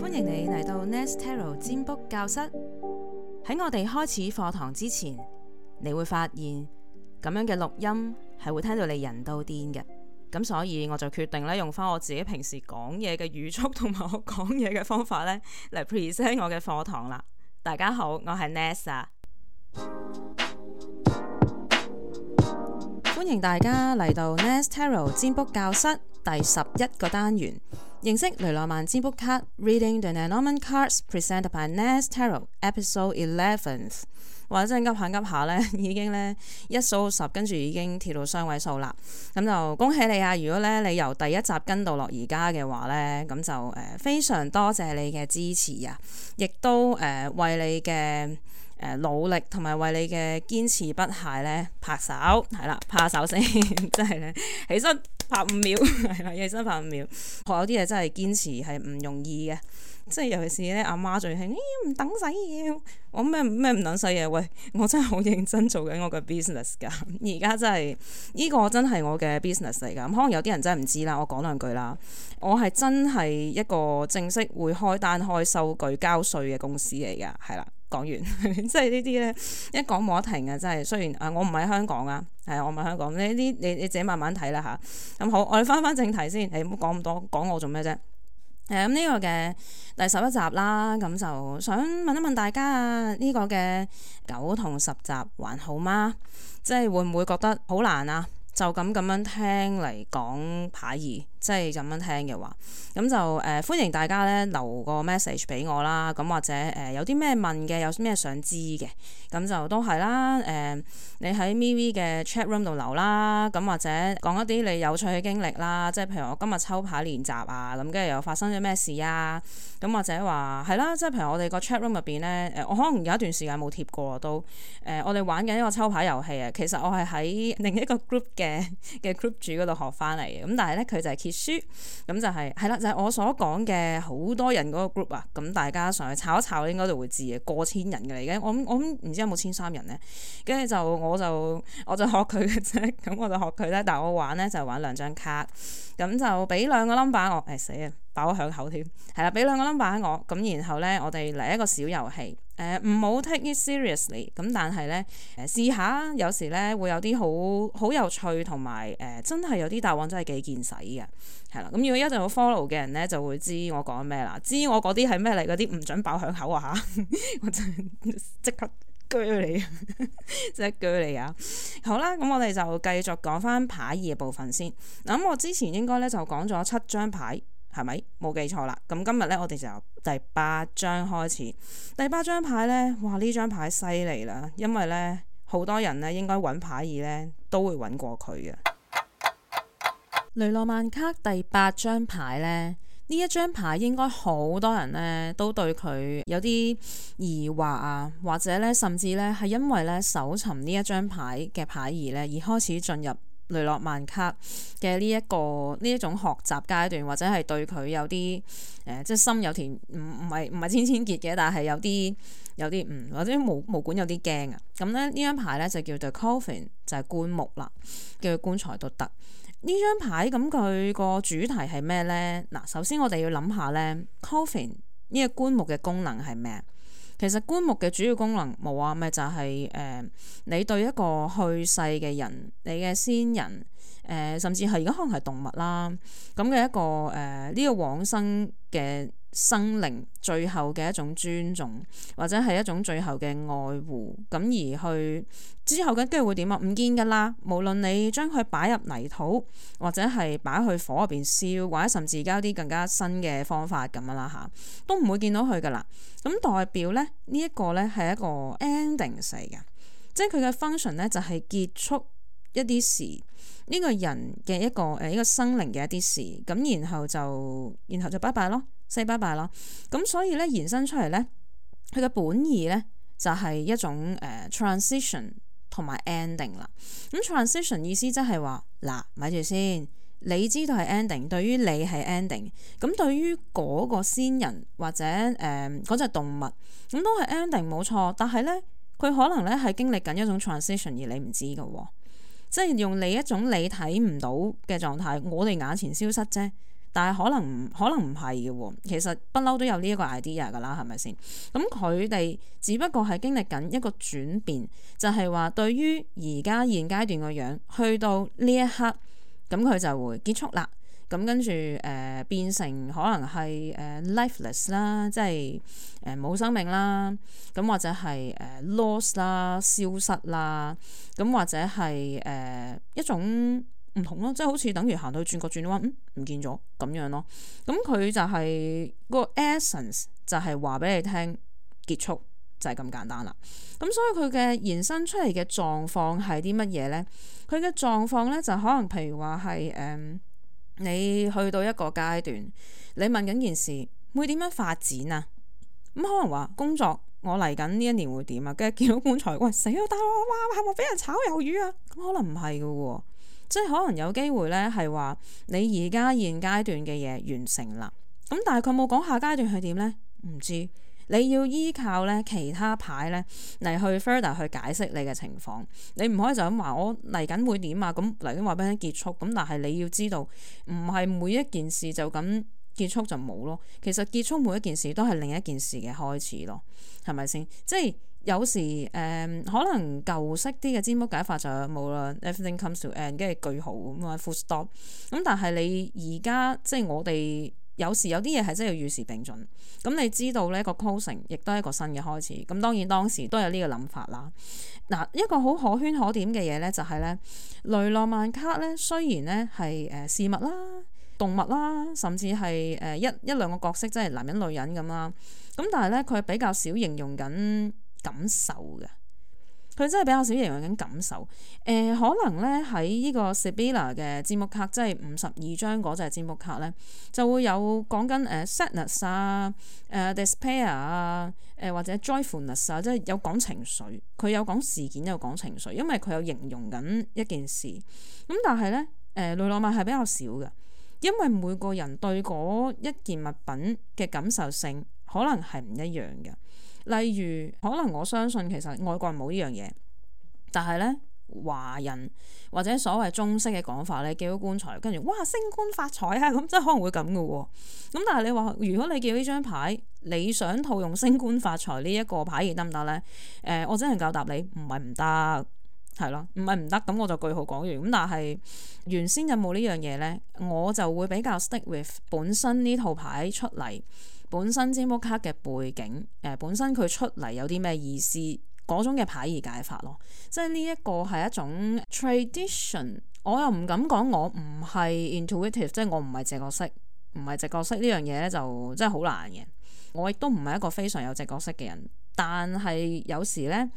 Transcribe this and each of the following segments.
歡迎你嚟到 Nest Tarot 佔卜教室。喺我哋開始課堂之前，你會發現咁樣嘅錄音係會聽到你人都癲嘅。咁所以我就決定咧用翻我自己平時講嘢嘅語速同埋我講嘢嘅方法咧嚟 present 我嘅課堂啦。大家好，我係 Nesta，、啊、歡迎大家嚟到 Nest Tarot 佔卜教室。第十一個單元認識雷諾曼占卜卡，Reading the Norman Cards，presented by Naz Taro，Episode Eleventh。哇！真係急下急下咧，已經咧一數十，跟住，已經跳到雙位數啦。咁就恭喜你啊！如果咧你由第一集跟到落而家嘅話咧，咁就誒，非常多謝你嘅支持啊，亦都誒為你嘅誒努力同埋為你嘅堅持不懈咧拍手係啦，拍手先， 真係咧起身。拍五秒，係啦，認真拍五秒。學 有啲嘢真係堅持係唔容易嘅，即係尤其是咧，阿媽最興，唔等使嘢。我咩咩唔等使嘢？喂，我真係好認真做緊我個 business 㗎。而家真係呢、呢個真係我嘅 business 嚟㗎。咁可能有啲人真係唔知啦，我講兩句啦。我係真係一個正式會開單、開收據、交稅嘅公司嚟㗎，係啦。講講完，即 係呢啲咧，一講冇得停啊！真係雖然誒，我唔喺香港啊，係我唔喺香港呢啲，你你自己慢慢睇啦吓。咁、啊、好，我哋翻翻正題先，你唔好講咁多，講我做咩啫？誒、嗯、咁、這、呢個嘅第十一集啦，咁就想問一問大家啊，呢、這個嘅九同十集還好嗎？即係會唔會覺得好難啊？就咁咁樣聽嚟講牌二。即係咁樣聽嘅話，咁就誒、呃、歡迎大家咧留個 message 俾我啦。咁或者誒有啲咩問嘅，有咩想知嘅，咁就都係啦。誒、呃、你喺 MiV 嘅 chat room 度留啦。咁或者講一啲你有趣嘅經歷啦。即係譬如我今日抽牌練習啊，咁跟住又發生咗咩事啊？咁或者話係啦，即係譬如我哋個 chat room 入邊咧，誒、呃、我可能有一段時間冇貼過都誒、呃，我哋玩緊一個抽牌遊戲啊。其實我係喺另一個 group 嘅嘅 group 主嗰度學翻嚟嘅。咁但係咧佢就係、是書咁就係係啦，就係、是、我所講嘅好多人嗰個 group 啊，咁大家上去炒一炒，應該就會知嘅，過千人嘅嚟嘅，我我唔知有冇千三人咧。跟住就我就我就學佢嘅啫，咁我就學佢咧。但係我玩咧就是、玩兩張卡，咁就俾兩個 number 我，誒死啊，爆響口添，係啦，俾兩個 number 我，咁然後咧我哋嚟一個小遊戲。誒唔好 take it seriously，咁但係咧誒試下，有時咧會有啲好好有趣，同埋誒真係有啲答案真係幾見使嘅，係啦。咁如果一直好 follow 嘅人咧，就會知我講咩啦。知我嗰啲係咩嚟？嗰啲唔准爆響口啊！嚇， 我真係的即 刻鋸居你，即係鋸你啊！ 好啦，咁我哋就繼續講翻牌二嘅部分先。咁我之前應該咧就講咗七張牌。係咪？冇記錯啦。咁今日呢，我哋就由第八張開始。第八張牌呢，哇！呢張牌犀利啦，因為呢，好多人呢應該揾牌意呢都會揾過佢嘅。雷諾曼卡第八張牌呢，呢一張牌應該好多人呢都對佢有啲疑惑啊，或者呢，甚至呢係因為呢搜尋呢一張牌嘅牌意呢而開始進入。雷諾曼卡嘅呢一個呢一種學習階段，或者係對佢有啲誒、呃，即係心有甜唔唔係唔係千千結嘅，但係有啲有啲唔、嗯、或者毛毛管有啲驚啊。咁咧呢張牌咧就叫做 Coffin 就係棺木啦，叫棺材都得呢張牌咁，佢個主題係咩咧？嗱，首先我哋要諗下咧 Coffin 呢個棺木嘅功能係咩？其實棺木嘅主要功能冇啊，咪就係、是、誒、呃，你對一個去世嘅人，你嘅先人，誒、呃，甚至係而家可能係動物啦，咁嘅一個誒，呢、呃這個往生嘅。生靈最後嘅一種尊重，或者係一種最後嘅愛護，咁而去之後嘅跟住會點啊？唔見噶啦，無論你將佢擺入泥土，或者係擺去火入邊燒，或者甚至交啲更加新嘅方法咁樣啦，吓都唔會見到佢噶啦。咁代表咧呢一個咧係一個 ending 式嘅，即係佢嘅 function 咧就係結束一啲事呢個人嘅一個誒呢個生靈嘅一啲事，咁然後就然後就拜拜咯。四拜拜咯，咁所以咧延伸出嚟咧，佢嘅本意咧就係、是、一種誒、呃、transition 同埋 ending 啦。咁、嗯、transition 意思即係話嗱，咪住先，你知道係 ending，對於你係 ending，咁對於嗰個先人或者誒嗰隻動物，咁、嗯、都係 ending 冇錯。但係咧，佢可能咧係經歷緊一種 transition，而你唔知嘅、哦，即係用你一種你睇唔到嘅狀態，我哋眼前消失啫。但係可能唔可能唔係嘅喎，其實不嬲都有呢一個 idea 噶啦，係咪先？咁佢哋只不過係經歷緊一個轉變，就係、是、話對於而家現階段個樣，去到呢一刻，咁佢就會結束啦。咁跟住誒、呃、變成可能係誒、呃、lifeless 啦，即係誒冇生命啦。咁或者係誒、呃、lost 啦，消失啦。咁或者係誒、呃、一種。唔同咯，即係好似等於行到去轉角轉彎，唔、嗯、唔見咗咁樣咯。咁佢就係、是、嗰、那個 essence 就係話俾你聽，結束就係咁簡單啦。咁、嗯、所以佢嘅延伸出嚟嘅狀況係啲乜嘢呢？佢嘅狀況呢，就可能譬如話係誒，你去到一個階段，你問緊件事會點樣發展啊？咁、嗯、可能話工作我嚟緊呢一年會點啊？跟住見到棺材，喂，死咗大佬，哇，係咪俾人炒魷魚啊？咁、嗯、可能唔係噶。即係可能有機會咧，係話你而家現階段嘅嘢完成啦。咁但係佢冇講下階段係點咧？唔知你要依靠咧其他牌咧嚟去 further 去解釋你嘅情況。你唔可以就咁話我嚟緊會點啊？咁嚟緊話俾你結束咁，但係你要知道，唔係每一件事就咁結束就冇咯。其實結束每一件事都係另一件事嘅開始咯，係咪先？即係。有時誒、嗯，可能舊式啲嘅占卜解法就就無論 everything comes to end，跟住句號咁啊，full stop 咁。但係你而家即係我哋有時有啲嘢係真係要與時並進。咁你知道呢一個 closing 亦都係一個新嘅開始。咁當然當時都有呢個諗法啦。嗱、呃，一個好可圈可點嘅嘢咧，就係咧雷浪漫卡咧，雖然咧係誒事物啦、動物啦，甚至係誒、呃、一一兩個角色，即係男人、女人咁啦。咁但係咧，佢比較少形容緊。感受嘅，佢真係比較少形容緊感受。誒、呃，可能咧喺呢個 Sebila 嘅字幕卡，即係五十二張嗰隻字幕卡咧，就會有講緊誒 Sadness 啊、誒 Despair 啊、誒、呃、或者 Joyfulness 啊，即係有講情緒。佢有講事件，有講情緒，因為佢有形容緊一件事。咁但係咧，誒、呃，雷諾曼係比較少嘅，因為每個人對嗰一件物品嘅感受性可能係唔一樣嘅。例如，可能我相信其實外國人冇呢樣嘢，但係呢華人或者所謂中式嘅講法呢，寄到棺材，跟住哇升官發財啊，咁即係可能會咁嘅喎。咁但係你話如果你叫呢張牌，你想套用升官發財呢一個牌而得唔得呢、呃、我真係夠答你，唔係唔得，係咯，唔係唔得。咁我就句號講完。咁但係原先有冇呢樣嘢呢？我就會比較 stick with 本身呢套牌出嚟。本身占卜卡嘅背景，誒、呃、本身佢出嚟有啲咩意思？嗰種嘅牌而解法咯，即係呢一個係一種 tradition。我又唔敢講我唔係 intuitive，即係我唔係直覺式，唔係直覺式呢樣嘢咧就真係好難嘅。我亦都唔係一個非常有直覺式嘅人，但係有時咧，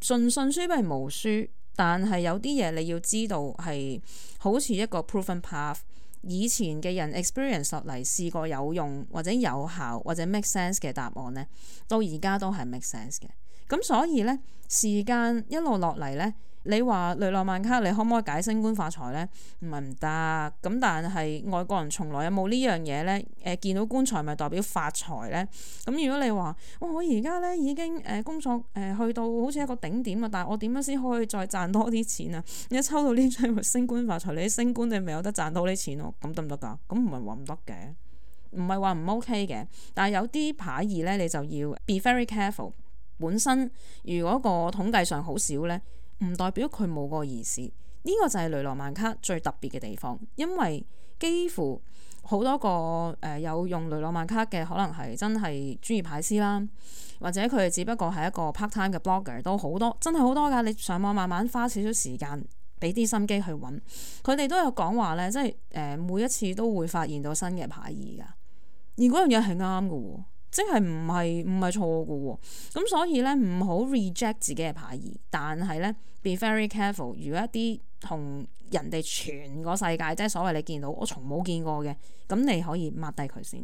信信書都係無書，但係有啲嘢你要知道係好似一個 proven path。以前嘅人 experience 落嚟試過有用或者有效或者 make sense 嘅答案呢，到而家都係 make sense 嘅。咁所以呢，時間一路落嚟呢。你話雷諾曼卡，你可唔可以解升官發財呢？唔係唔得咁，但係外國人從來有冇呢樣嘢呢？誒、呃、見到棺材咪代表發財呢？咁如果你話哇，我而家呢已經誒、呃、工作誒、呃、去到好似一個頂點啊，但係我點樣先可以再賺多啲錢啊？一抽到呢張升官發財，你升官你咪有得賺到啲錢咯。咁得唔得㗎？咁唔係話唔得嘅，唔係話唔 OK 嘅。但係有啲牌意呢，你就要 be very careful。本身如果個統計上好少呢。唔代表佢冇個意思，呢個就係雷諾曼卡最特別嘅地方，因為幾乎好多個誒有用雷諾曼卡嘅，可能係真係專業牌師啦，或者佢哋只不過係一個 part time 嘅 blogger，都好多真係好多噶，你上網慢慢花少少時間，俾啲心機去揾，佢哋都有講話呢，即係誒每一次都會發現到新嘅牌意噶，而嗰樣嘢係啱嘅喎。即係唔係唔係錯嘅，咁所以咧唔好 reject 自己嘅牌意，但係咧 be very careful。如果一啲同人哋全個世界即係所謂你見到我從冇見過嘅，咁你可以抹低佢先，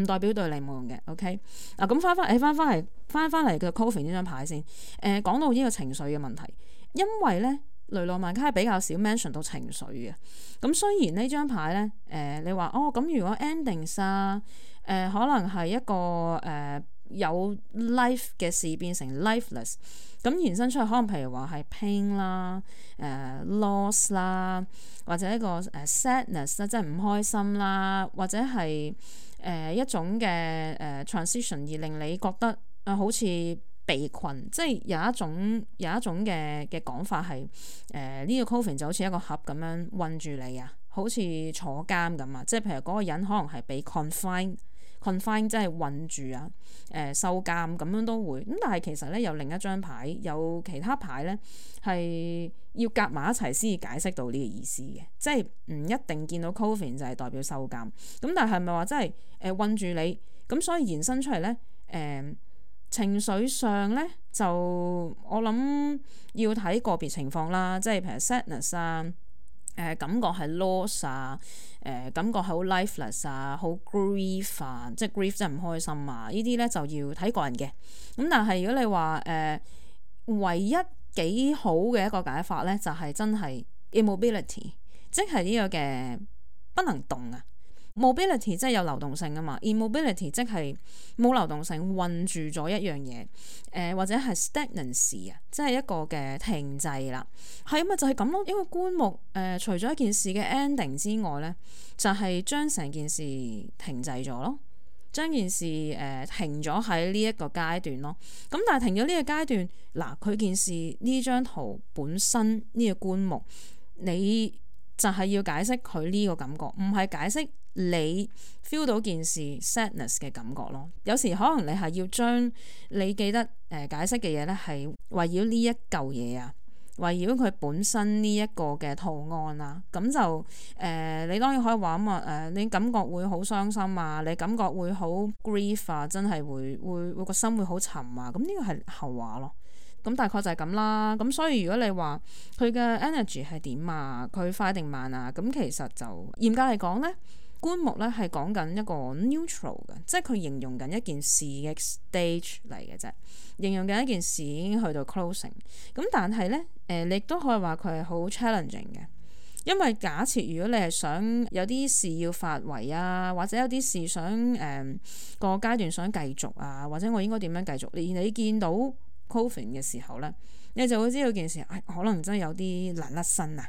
唔代表對你冇用嘅。OK 啊，咁翻翻誒，翻翻嚟翻翻嚟嘅 Coffin 呢張牌先。誒、呃，講到呢個情緒嘅問題，因為咧雷諾曼卡係比較少 mention 到情緒嘅。咁雖然張呢張牌咧，誒、呃，你話哦咁，如果 ending 沙、啊。誒、呃、可能係一個誒、呃、有 life 嘅事變成 lifeless，咁延、嗯、伸出去可能譬如話係 pain 啦、呃、誒 loss 啦，或者一個誒 sadness 啦，呃、Sad ness，即係唔開心啦，或者係誒、呃、一種嘅誒、呃、transition 而令你覺得啊、呃、好似被困，即係有一種有一種嘅嘅講法係誒呢個 coffin 就好似一個盒咁樣困住你啊，好似坐監咁啊，即係譬如嗰個人可能係被 confined。confine 即係困住啊，誒收監咁樣都會，咁但係其實咧有另一張牌，有其他牌咧係要夾埋一齊先至解釋到呢個意思嘅，即係唔一定見到 confine 就係代表收監，咁但係係咪話真係誒困住你？咁所以延伸出嚟咧，誒情緒上咧就我諗要睇個別情況啦，即係譬如 sadness 啊，誒感覺係 loss 啊。誒、呃、感覺好 lifeless 啊，好 grief 啊，即係 grief，真係唔開心啊！呢啲咧就要睇個人嘅咁。但係如果你話誒、呃、唯一幾好嘅一個解法咧，就係、是、真係 immobility，即係呢個嘅不能動啊。mobility 即係有流動性啊嘛，而 immobility 即係冇流動性，困住咗一樣嘢，誒、呃、或者係 stagnancy 啊，即係一個嘅停滯啦。係啊，咪就係咁咯。因為棺木誒，除咗一件事嘅 ending 之外咧，就係、是、將成件事停滯咗咯，將件事誒、呃、停咗喺呢一個階段咯。咁但係停咗呢個階段嗱，佢件事呢張圖本身呢、這個棺木，你就係要解釋佢呢個感覺，唔係解釋。你 feel 到件事 sadness 嘅感覺咯。有時可能你係要將你記得誒解釋嘅嘢咧，係圍繞呢一嚿嘢啊，圍繞佢本身呢一個嘅圖案啊。咁就誒、呃，你當然可以話咁話你感覺會好傷心啊，你感覺會好 grief 啊，真係會會個心會好沉啊。咁呢個係後話咯。咁大概就係咁啦。咁所以如果你話佢嘅 energy 係點啊？佢快定慢啊？咁其實就嚴格嚟講咧。棺木咧係講緊一個 neutral 嘅，即係佢形容緊一件事嘅 stage 嚟嘅啫，形容緊一件事已經去到 closing。咁但係咧，誒你都可以話佢係好 challenging 嘅，因為假設如果你係想有啲事要發圍啊，或者有啲事想誒個、呃、階段想繼續啊，或者我應該點樣繼續？你你見到 coffin 嘅時候咧，你就會知道件事、哎、可能真係有啲難甩身啊。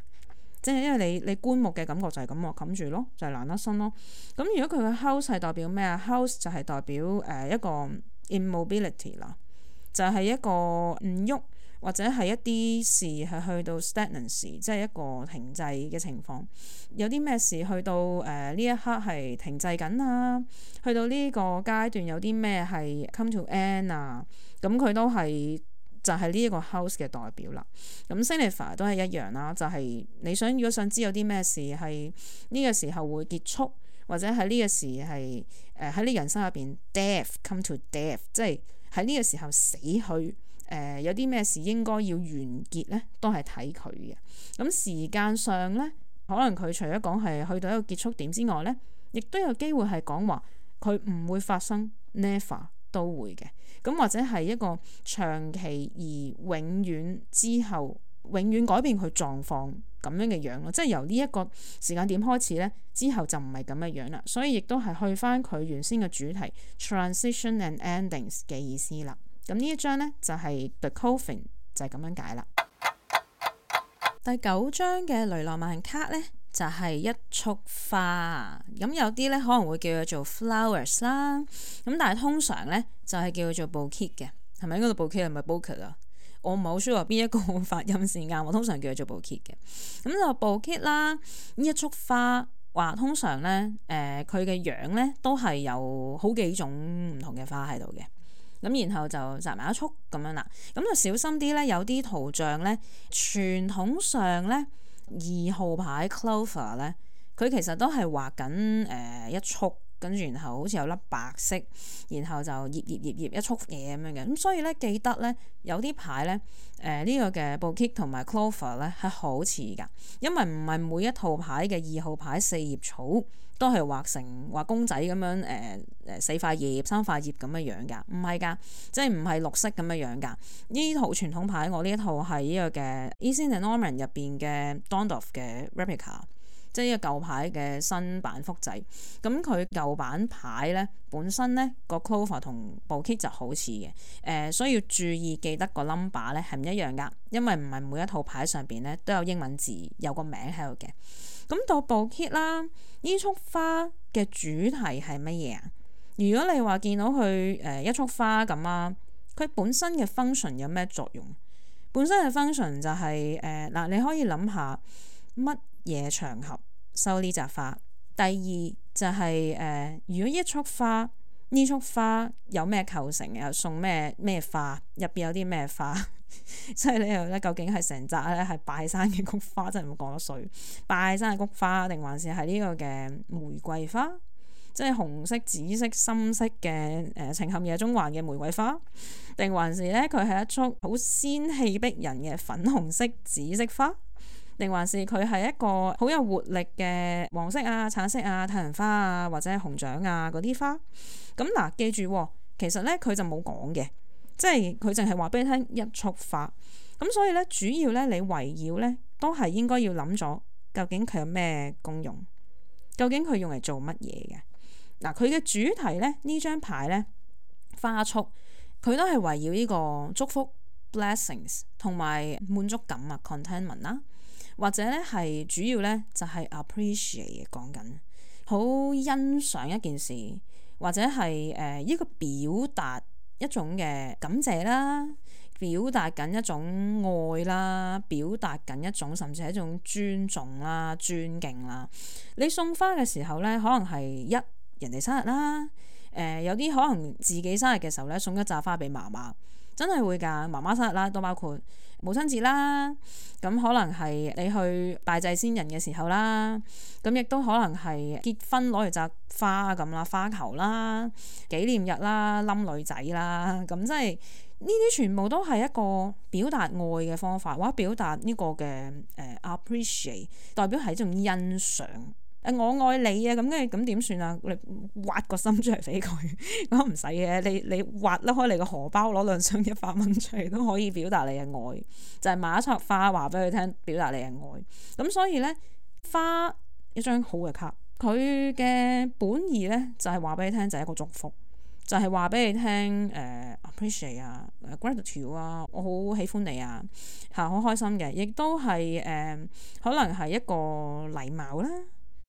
即係因為你你棺木嘅感覺就係咁喎，冚住咯，就係、是、難甩身咯。咁如果佢嘅 house 係代表咩啊？house 就係代表誒一個 immobility 啦，就係一個唔喐或者係一啲事係去到 stagnancy，即係一個停滯嘅情況。有啲咩事去到誒呢一刻係停滯緊啊？去到呢個階段有啲咩係 come to end 啊？咁佢都係。就係呢一個 house 嘅代表啦，咁 signifier 都係一樣啦。就係、是、你想如果想知有啲咩事係呢個時候會結束，或者喺呢個時係誒喺你人生入邊 death come to death，即係喺呢個時候死去誒、呃，有啲咩事應該要完結咧，都係睇佢嘅。咁時間上咧，可能佢除咗講係去到一個結束點之外咧，亦都有機會係講話佢唔會發生 never。都會嘅咁，或者係一個長期而永遠之後永遠改變佢狀況咁樣嘅樣咯，即係由呢一個時間點開始咧，之後就唔係咁嘅樣啦。所以亦都係去返佢原先嘅主題 transition and endings 嘅意思啦。咁呢一張咧就係、是、the coffin 就係咁樣解啦。第九張嘅雷諾曼卡咧。就係一束花啊！咁有啲咧可能會叫佢做 flowers 啦，咁但係通常咧就係、是、叫做 bouquet 嘅，係咪應該叫 bouquet 係咪 bouquet 啊？我唔好 sure 邊一個發音先啱，我通常叫佢做 bouquet 嘅。咁就 bouquet 啦，呢一束花話通常咧，誒佢嘅樣咧都係有好幾種唔同嘅花喺度嘅，咁然後就摘埋一束咁樣啦。咁就小心啲咧，有啲圖像咧傳統上咧。二號牌 clover 咧，佢其實都係畫緊誒一束，跟住然後好似有粒白色，然後就葉葉葉葉一束嘢咁樣嘅。咁所以咧，記得咧，有啲牌咧，誒、這、呢個嘅 Bouquet 同埋 clover 咧係好似㗎，因為唔係每一套牌嘅二號牌四葉草。都係畫成畫公仔咁樣，誒、呃、誒、呃、四塊葉三塊葉咁嘅樣㗎，唔係㗎，即係唔係綠色咁嘅樣㗎。呢套傳統牌我呢一套係呢個嘅 Easter Island 入邊嘅 Dondorf 嘅 replica，即係呢個舊牌嘅新版複製。咁佢舊版牌呢，本身呢個 clover 同 k 布契就好似嘅，所以要注意記得個 number 咧係唔一樣㗎，因為唔係每一套牌上邊呢都有英文字有個名喺度嘅。咁 bouquet 啦，呢束花嘅主題係乜嘢啊？如果你話見到佢誒、呃、一束花咁啊，佢本身嘅 function 有咩作用？本身嘅 function 就係誒嗱，你可以諗下乜嘢場合收呢扎花。第二就係、是、誒、呃，如果一束花，呢束花有咩構成？又送咩咩花？入邊有啲咩花？即係你又咧，究竟係成紮咧係拜山嘅菊花，真係唔講得水；拜山嘅菊花，定還是係呢個嘅玫瑰花，即係紅色、紫色、深色嘅誒，情、呃、陷夜中環嘅玫瑰花，定還是呢？佢係一束好仙氣逼人嘅粉紅色、紫色花，定還是佢係一個好有活力嘅黃色啊、橙色啊、太陽花啊，或者係紅掌啊嗰啲花？咁嗱、啊，記住、哦，其實呢，佢就冇講嘅。即係佢淨係話俾你聽一束花，咁所以咧，主要咧，你圍繞咧都係應該要諗咗，究竟佢有咩功用？究竟佢用嚟做乜嘢嘅？嗱，佢嘅主題咧，呢張牌咧，花束，佢都係圍繞呢個祝福 （blessings） 同埋滿足感啊 contentment 啦，或者咧係主要咧就係 appreciate，講緊好欣賞一件事，或者係誒呢個表達。一種嘅感謝啦，表達緊一種愛啦，表達緊一種甚至係一種尊重啦、尊敬啦。你送花嘅時候呢，可能係一人哋生日啦，誒、呃、有啲可能自己生日嘅時候呢，送一扎花俾媽媽，真係會㗎，媽媽生日啦，都包括。母親節啦，咁可能係你去拜祭先人嘅時候啦，咁亦都可能係結婚攞嚟紮花咁啦，花球啦，紀念日啦，冧女仔啦，咁即係呢啲全部都係一個表達愛嘅方法，或者表達呢個嘅誒、uh, appreciate，代表係一種欣賞。啊、我愛你啊！咁嘅咁點算啊？你挖個心出嚟俾佢咁唔使嘅。你你挖甩開你個荷包攞兩張一百蚊出嚟都可以表達你嘅愛，就係、是、買一束花話俾佢聽，表達你嘅愛。咁所以呢，花一張好嘅卡，佢嘅本意呢就係話俾你聽，就係、是、一個祝福，就係話俾你聽。誒、呃、appreciate 啊，gratitude 啊，我好喜歡你啊，係好開心嘅，亦都係誒、呃，可能係一個禮貌啦。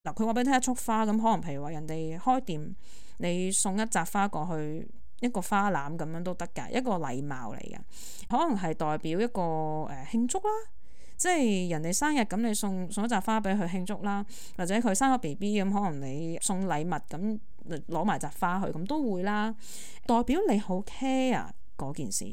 嗱，佢話俾你聽一束花，咁可能譬如話人哋開店，你送一扎花過去，一個花籃咁樣都得噶，一個禮貌嚟噶，可能係代表一個誒慶、呃、祝啦，即係人哋生日，咁你送送一扎花俾佢慶祝啦，或者佢生個 B B，咁可能你送禮物咁攞埋扎花去，咁都會啦，代表你好 care 嗰件事，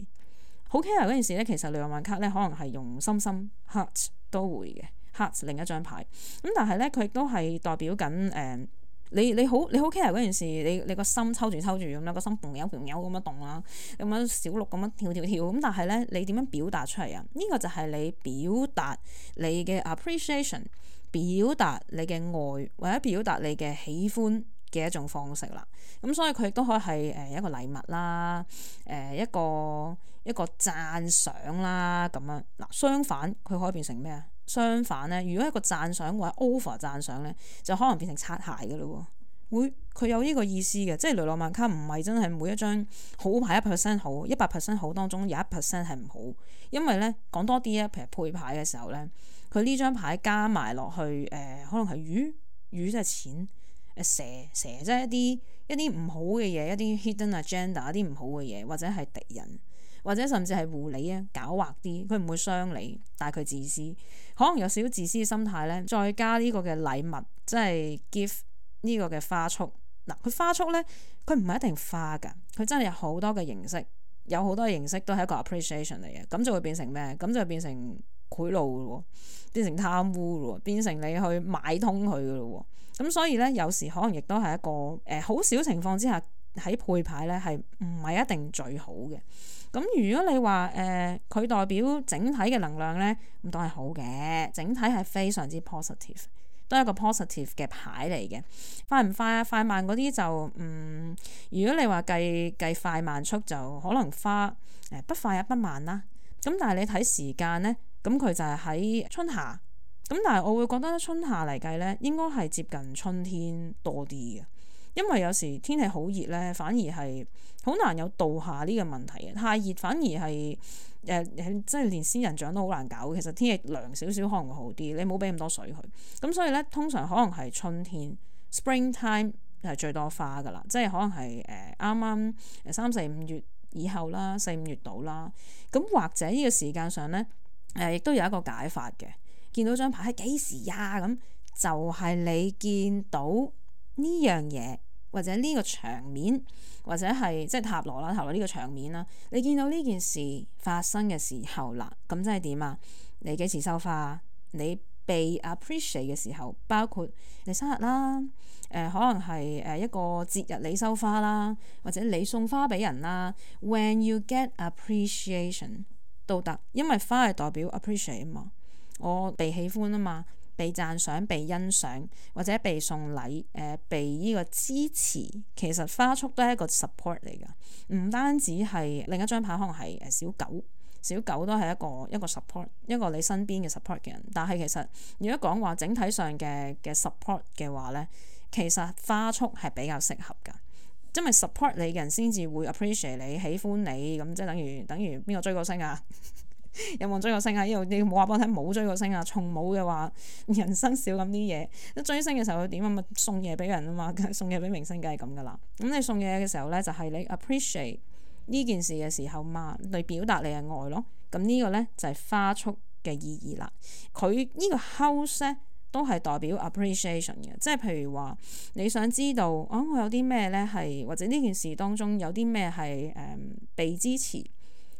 好 care 嗰件事呢。其實兩萬卡呢，可能係用心心 heart 都會嘅。黑另一張牌咁，但係咧，佢亦都係代表緊誒、呃、你你好你好，你好 care 嗰件事。你你個心抽住抽住咁啦，個心蹦有蹦有咁樣動啦，咁樣小鹿咁樣跳跳跳咁。但係咧，你點樣表達出嚟啊？呢個就係你表達你嘅 appreciation，表達你嘅愛，或者表達你嘅喜歡嘅一種方式啦。咁所以佢亦都可以係誒一個禮物啦，誒一個一個讚賞啦。咁樣嗱，相反佢可以變成咩啊？相反呢，如果一個讚賞或者 over 讚賞呢，就可能變成擦鞋嘅咯喎。佢有呢個意思嘅，即係雷諾曼卡唔係真係每一張好牌一 percent 好，一百 percent 好，當中有一 percent 係唔好。因為呢，講多啲咧，譬如配牌嘅時候呢，佢呢張牌加埋落去誒，可能係魚魚即係錢蛇蛇即係一啲一啲唔好嘅嘢，一啲 hidden agenda 一啲唔好嘅嘢，或者係敵人，或者甚至係狐狸啊，狡猾啲，佢唔會傷你，但係佢自私。可能有少少自私嘅心態咧，再加呢個嘅禮物，即係 give 呢個嘅花束。嗱，佢花束咧，佢唔係一定花噶，佢真係有好多嘅形式，有好多嘅形式都係一個 appreciation 嚟嘅。咁就會變成咩？咁就會變成賄賂咯，變成貪污咯，變成你去買通佢噶咯。咁、嗯、所以咧，有時可能亦都係一個誒，好、呃、少情況之下。喺配牌咧，係唔係一定最好嘅？咁如果你話誒佢代表整體嘅能量咧，咁都係好嘅。整體係非常之 positive，都係一個 positive 嘅牌嚟嘅。快唔快啊？快慢嗰啲就嗯，如果你話計計快慢速就可能花誒、呃、不快也不慢啦。咁但係你睇時間咧，咁佢就係喺春夏。咁但係我會覺得春夏嚟計咧，應該係接近春天多啲嘅。因為有時天氣好熱咧，反而係好難有度下呢個問題嘅。太熱反而係誒誒，即、呃、係連仙人掌都好難搞。其實天氣涼少少可能會好啲。你唔好俾咁多水佢。咁所以咧，通常可能係春天 （spring time） 係最多花㗎啦，即係可能係誒啱啱三四五月以後啦，四五月度啦。咁或者呢個時間上咧誒，亦、呃、都有一個解法嘅。見到張牌係幾時呀、啊？咁就係你見到呢樣嘢。或者呢個場面，或者係即係塔羅啦、塔羅呢個場面啦，你見到呢件事發生嘅時候啦，咁即係點啊？你幾時收花？你被 appreciate 嘅時候，包括你生日啦，誒、呃、可能係誒一個節日你收花啦，或者你送花俾人啦。When you get appreciation，都得，因為花係代表 appreciate 啊嘛，我被喜歡啊嘛。被讚賞、被欣賞或者被送禮，誒、呃、被呢個支持，其實花束都係一個 support 嚟噶。唔單止係另一張牌，可能係誒小狗，小狗都係一個一個 support，一個你身邊嘅 support 嘅人。但係其實如果講話整體上嘅嘅 support 嘅話呢，其實花束係比較適合噶，因為 support 你嘅人先至會 appreciate 你，喜歡你咁，即係等於等於邊個追過星啊？ 有冇追過星啊？呢度你冇話俾我聽冇追過星啊？從冇嘅話，人生少咁啲嘢。一追星嘅時候佢點啊？咪送嘢俾人啊嘛，送嘢俾明星梗係咁噶啦。咁你送嘢嘅時候呢，就係、是、你 appreciate 呢件事嘅時候嘛，你表達你嘅愛咯。咁呢個呢，就係花束嘅意義啦。佢呢個 house 都係代表 appreciation 嘅，即係譬如話你想知道啊、哦，我有啲咩呢？係或者呢件事當中有啲咩係被支持。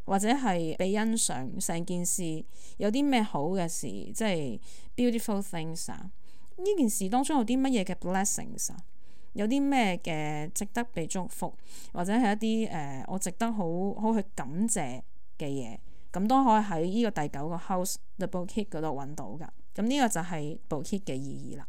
或者係被欣賞，成件事有啲咩好嘅事，即係 beautiful things 啊！呢件事當中有啲乜嘢嘅 blessings 啊？有啲咩嘅值得被祝福，或者係一啲誒、呃、我值得好好去感謝嘅嘢，咁、啊、都可以喺呢個第九個 house the Bouquet 嗰度揾到噶。咁、啊、呢、這個就係 Bouquet 嘅意義啦。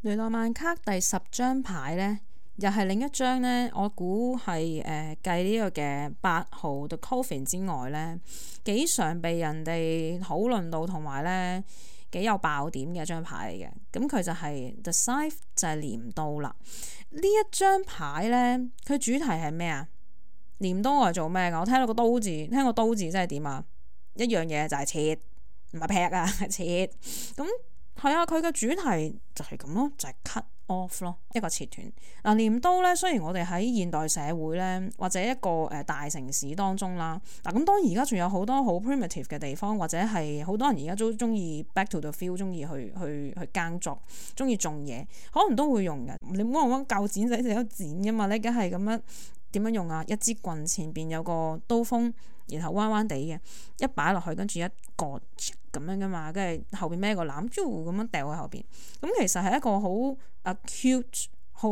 雷諾曼卡第十張牌呢。又係另一張呢。我估係誒計呢個嘅八號到 Coffin 之外呢，幾常被人哋討論到，同埋呢幾有爆點嘅一張牌嚟嘅。咁佢就係、是、The Scythe 就係鐮刀啦。呢一張牌呢，佢主題係咩啊？鐮刀我係做咩噶？我聽到個刀字，聽個刀字真係點啊？一樣嘢就係切，唔係劈 啊，切。咁係啊，佢嘅主題就係咁咯，就係、是、cut。off 咯，一個切斷嗱，鐮刀咧，雖然我哋喺現代社會咧，或者一個誒大城市當中啦，嗱咁當然而家仲有好多好 primitive 嘅地方，或者係好多人而家都中意 back to the field，中意去去去耕作，中意種嘢，可能都會用嘅。你唔好話，話舊剪仔就一剪噶嘛，你梗係咁樣點樣用啊？一支棍前邊有個刀鋒。然後彎彎地嘅，一擺落去，跟住一,一個咁樣㗎嘛，跟住後邊孭個籃 j 咁樣掉喺後邊。咁其實係一個好 acute、好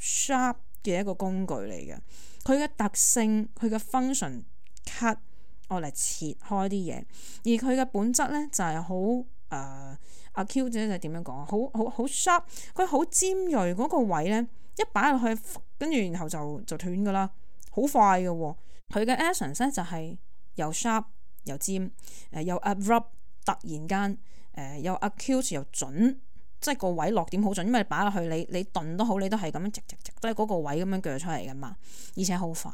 sharp 嘅一個工具嚟嘅。佢嘅特性，佢嘅 function cut，我嚟切開啲嘢。而佢嘅本質呢，uh, acute, 就係好誒，阿 Q 姐就點樣講？好好好 sharp，佢好尖鋭嗰個位呢，一擺落去，跟住然後就就斷噶啦，好快㗎喎。佢嘅 Essence 咧就係又 sharp 又尖，誒、呃、又 abrupt 突然間，誒、呃、又 acute 又準，即係個位落點好準，因為你擺落去你你鈍都好，你都係咁樣直直直都係嗰個位咁樣鋸出嚟噶嘛，而且好快。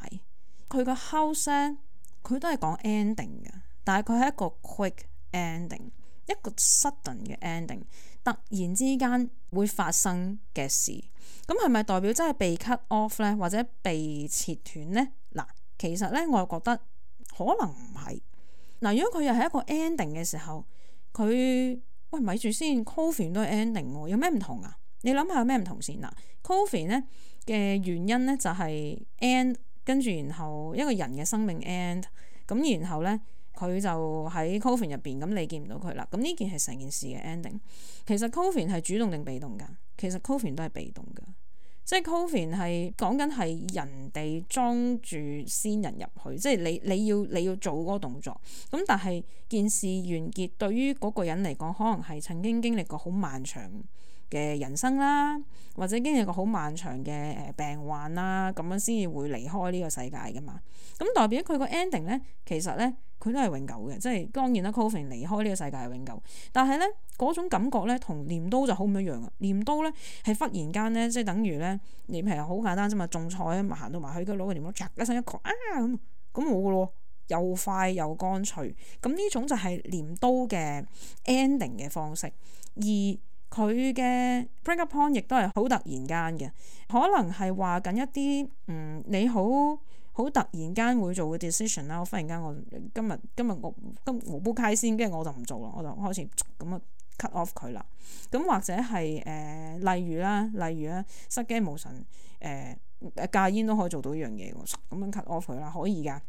佢個 house 佢都係講 ending 嘅，但係佢係一個 quick ending，一個 sudden 嘅 ending，突然之間會發生嘅事。咁係咪代表真係被 cut off 咧，或者被切斷咧？其實咧，我又覺得可能唔係。嗱，如果佢又係一個 ending 嘅時候，佢喂，咪住先 coffin 都 ending 喎，啊，有咩唔同啊？你諗下有咩唔同先。嗱 coffin 咧嘅原因咧就係 end，跟住然後一個人嘅生命 end，咁然後咧佢就喺 coffin 入邊，咁你見唔到佢啦。咁呢件係成件事嘅 ending。其實 coffin 係主動定被動噶？其實 coffin 都係被動噶。即係 coffin 係講緊係人哋裝住先人入去，即係你你要你要做嗰個動作。咁但係件事完結，對於嗰個人嚟講，可能係曾經經歷過好漫長嘅人生啦，或者經歷過好漫長嘅誒病患啦，咁樣先至會離開呢個世界噶嘛。咁代表佢個 ending 咧，其實咧。佢都係永久嘅，即係當然啦。Covid 離開呢個世界係永久，但係咧嗰種感覺咧，同鐮刀就好唔一樣啊！鐮刀咧係忽然間咧，即係等於咧，鐮其實好簡單啫嘛，種菜咁行到埋去佢攞個鐮刀，嚓一聲一割啊咁，咁冇嘅咯，又快又乾脆。咁呢種就係鐮刀嘅 ending 嘅方式，而佢嘅 break up point 亦都係好突然間嘅，可能係話緊一啲嗯你好。好突然間會做個 decision 啦！我忽然間我今日今日我今胡不開先，跟住我就唔做啦，我就開始咁啊 cut off 佢啦。咁或者係誒例如啦，例如啦失驚無神誒戒煙都可以做到呢樣嘢喎，咁樣 cut off 佢啦，可以㗎。誒、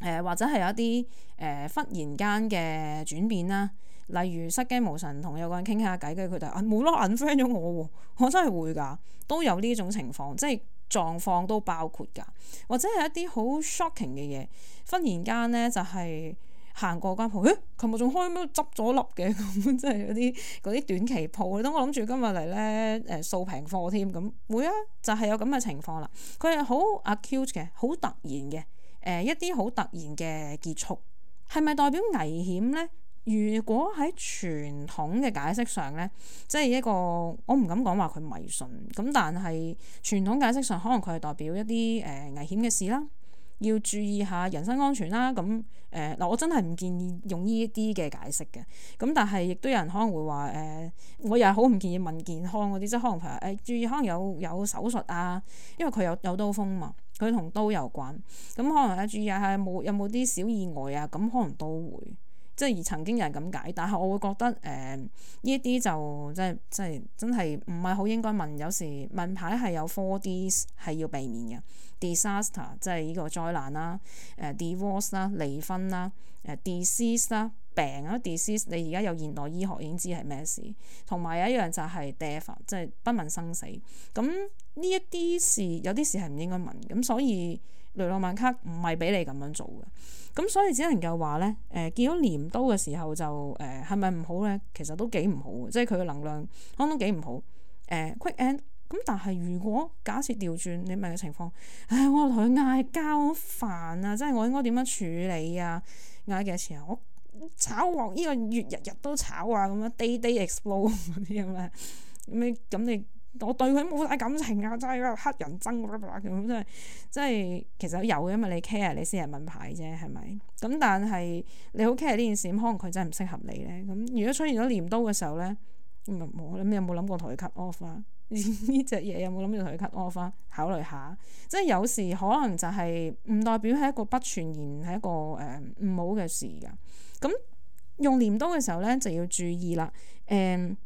呃、或者係有一啲誒、呃、忽然間嘅轉變啦，例如失驚無神同有個人傾下偈，跟住佢就啊冇咯，unfriend 咗我喎，我真係會㗎，都有呢種情況，即係。狀況都包括㗎，或者係一啲好 shocking 嘅嘢，忽然間呢，就係、是、行過間鋪，誒，琴日仲開咩？執咗粒嘅，咁真係嗰啲嗰啲短期鋪。等我諗住今日嚟呢，誒、呃、掃平貨添，咁會啊，就係、是、有咁嘅情況啦。佢係好 acute 嘅，好突然嘅，誒、呃、一啲好突然嘅結束，係咪代表危險呢？如果喺傳統嘅解釋上呢，即係一個我唔敢講話佢迷信，咁但係傳統解釋上可能佢係代表一啲誒、呃、危險嘅事啦，要注意下人身安全啦，咁誒嗱我真係唔建議用呢一啲嘅解釋嘅，咁但係亦都有人可能會話誒、呃，我又係好唔建議問健康嗰啲，即係可能譬如、呃、注意可能有有手術啊，因為佢有有刀鋒嘛，佢同刀有關，咁可能啊注意下冇有冇啲小意外啊，咁可能都會。即係而曾經有人咁解，但係我會覺得誒呢一啲就即係即係真係唔係好應該問。有時問牌係有 four D 係要避免嘅，disaster 即係呢個災難啦，誒、呃、divorce 啦離婚啦，誒、呃、disease 啦、啊、病啊，disease 你而家有現代醫學已經知係咩事。同埋有一樣就係 death，即係不問生死。咁呢一啲事，有啲事係唔應該問。咁所以。雷諾曼卡唔係俾你咁樣做嘅，咁所以只能夠話咧，誒、呃、見到鐮刀嘅時候就誒係咪唔好咧？其實都幾唔好，即係佢嘅能量，可能都幾唔好。誒、呃、quick end，咁但係如果假設調轉你問嘅情況，唉，我同佢嗌交，好煩啊！即係我應該點樣處理啊？嗌幾多次啊？我炒黃呢個月日日都炒啊，咁樣 day day explode 嗰 啲咁樣，咁你？我對佢冇曬感情啊！真係喺度黑人憎咁樣咁，真係真係其實有嘅嘛。因為你 care 你先係問牌啫，係咪？咁但係你好 care 呢件事，可能佢真係唔適合你咧。咁如果出現咗鐮刀嘅時候咧，唔係冇諗，你有冇諗過同佢 cut off 啊？呢隻嘢有冇諗住同佢 cut off 啊？考慮下，即係有時可能就係唔代表係一個不傳言，係一個誒唔、呃、好嘅事㗎。咁、嗯、用鐮刀嘅時候咧就要注意啦，誒、呃。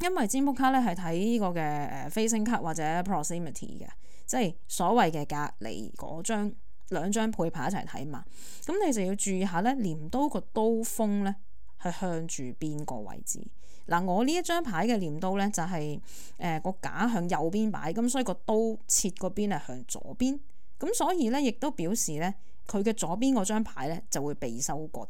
因為占卜卡咧係睇呢個嘅誒 facing card 或者 proximity 嘅，即係所謂嘅隔離嗰張兩張配牌一齊睇嘛，咁你就要注意下咧，鎌刀個刀鋒咧係向住邊個位置？嗱、就是，我呢一張牌嘅鎌刀咧就係誒個架向右邊擺，咁所以個刀切嗰邊係向左邊，咁所以咧亦都表示咧佢嘅左邊嗰張牌咧就會被收割。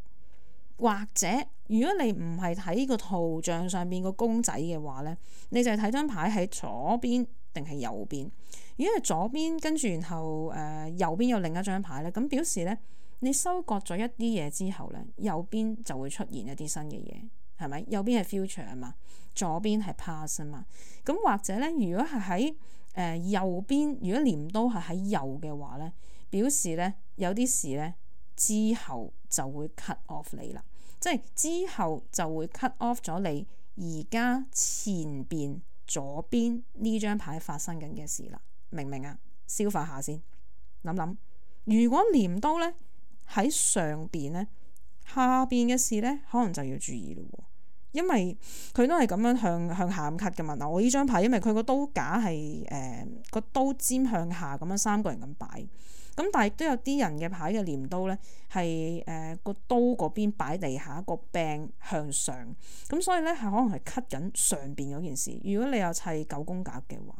或者，如果你唔係睇個圖像上邊個公仔嘅話咧，你就係睇張牌喺左邊定係右邊，如果係左邊跟住然後誒、呃、右邊有另一張牌咧，咁表示咧你收割咗一啲嘢之後咧，右邊就會出現一啲新嘅嘢，係咪？右邊係 future 啊嘛，左邊係 past 啊嘛。咁或者咧，如果係喺誒右邊，如果鐮刀係喺右嘅話咧，表示咧有啲事咧之後就會 cut off 你啦。即係之後就會 cut off 咗你而家前邊左邊呢張牌發生緊嘅事啦，明唔明啊？消化下先，諗諗。如果劍刀呢喺上邊呢，下邊嘅事呢可能就要注意咯，因為佢都係咁樣向向下咁 cut 噶嘛。嗱，我呢張牌因為佢個刀架係誒個刀尖向下咁樣三個人咁擺。咁但亦都有啲人嘅牌嘅鐮刀咧，係誒個刀嗰邊擺地下，個柄向上咁，所以咧係可能係 cut 緊上邊嗰件事。如果你有砌九宮格嘅話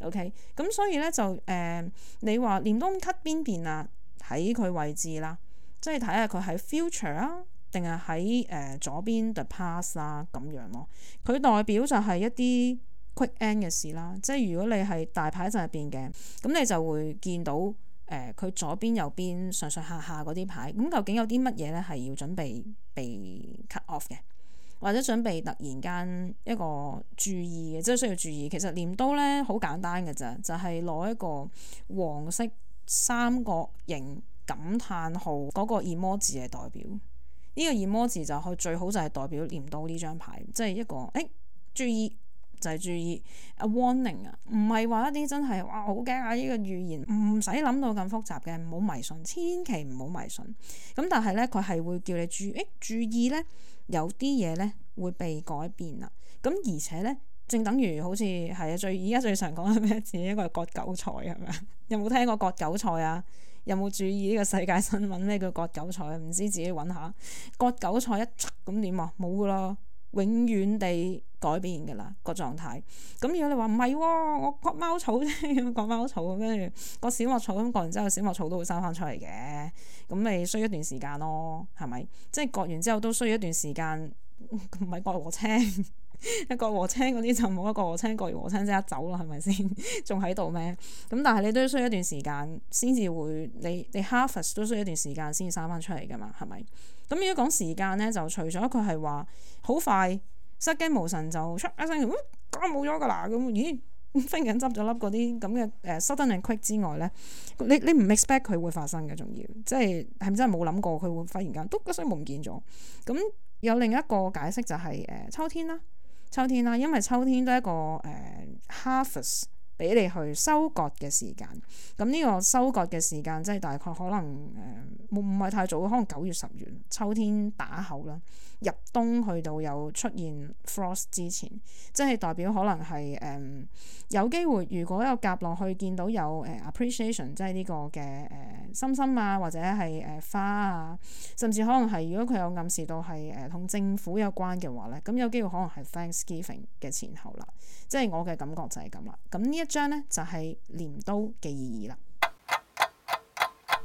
，OK 咁，所以咧就誒、呃、你話鐮刀 cut 邊邊啊？睇佢位置啦，即係睇下佢喺 future 啊，定係喺誒左邊 the past 啦咁樣咯。佢代表就係一啲 quick end 嘅事啦。即係如果你係大牌就入邊嘅，咁你就會見到。誒佢、呃、左邊、右邊、上上、下下嗰啲牌，咁究竟有啲乜嘢咧係要準備被 cut off 嘅，或者準備突然間一個注意嘅，即係需要注意。其實鐮刀咧好簡單嘅咋，就係、是、攞一個黃色三角形感嘆號嗰個 emoji 嚟代表，呢、這個 emoji 就去最好就係代表鐮刀呢張牌，即係一個誒、欸、注意。就係注意啊，warning 啊，唔係話一啲真係哇好驚啊！呢、呢個預言唔使諗到咁複雜嘅，唔好迷信，千祈唔好迷信。咁但係咧，佢係會叫你注意，誒、欸、注意咧，有啲嘢咧會被改變啦。咁而且咧，正等於好似係啊最而家最常講嘅咩字，一個係割韭菜係咪？ 有冇聽過割韭菜啊？有冇注意呢個世界新聞咩叫割韭菜啊？唔知自己揾下，割韭菜一咁點啊？冇噶啦，永遠地。改變嘅啦個狀態，咁如果你話唔係，我割貓草啫，割貓草，跟住割小麥草咁割完之後，小麥草都會生翻出嚟嘅，咁你需要一段時間咯，係咪？即係割完之後都需要一段時間，唔係割禾青，一 割禾青嗰啲就冇一割禾青，割完禾青即刻走咯，係咪先？仲喺度咩？咁但係你都需要一段時間先至會，你你 harvest 都需要一段時間先至生翻出嚟噶嘛，係咪？咁如果講時間咧，就除咗佢係話好快。失驚無神就出，一聲，哇！咁冇咗噶啦，咁咦？忽然間執咗粒嗰啲咁嘅誒，sudden and quick 之外咧，你你唔 expect 佢會發生嘅，仲要即係係咪真係冇諗過佢會忽然間都，嘅聲冇唔見咗？咁有另一個解釋就係、是、誒、呃、秋天啦，秋天啦，因為秋天都係一個誒、呃、harvest 俾你去收割嘅時間，咁呢個收割嘅時間即係大概可能誒，唔唔係太早，可能九月、十月，秋天打口啦，入冬去到有出現 frost 之前，即係代表可能係誒、呃、有機會。如果有夾落去見到有誒 appreciation，即係呢個嘅誒、呃、心心啊，或者係誒、呃、花啊，甚至可能係如果佢有暗示到係誒同政府有關嘅話咧，咁有機會可能係 Thanksgiving 嘅前後啦。即係我嘅感覺就係咁啦。咁呢、呢個一張呢就係鐮刀嘅意義啦，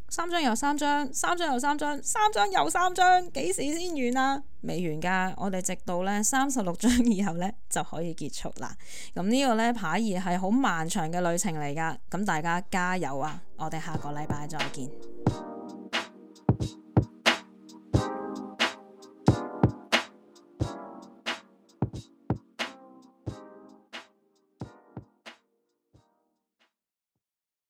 三張又三張，三張又三張，三張又三張，幾時先完啊？未完噶，我哋直到呢三十六張以後呢就可以結束啦。咁呢個呢牌兒係好漫長嘅旅程嚟噶，咁大家加油啊！我哋下個禮拜再見。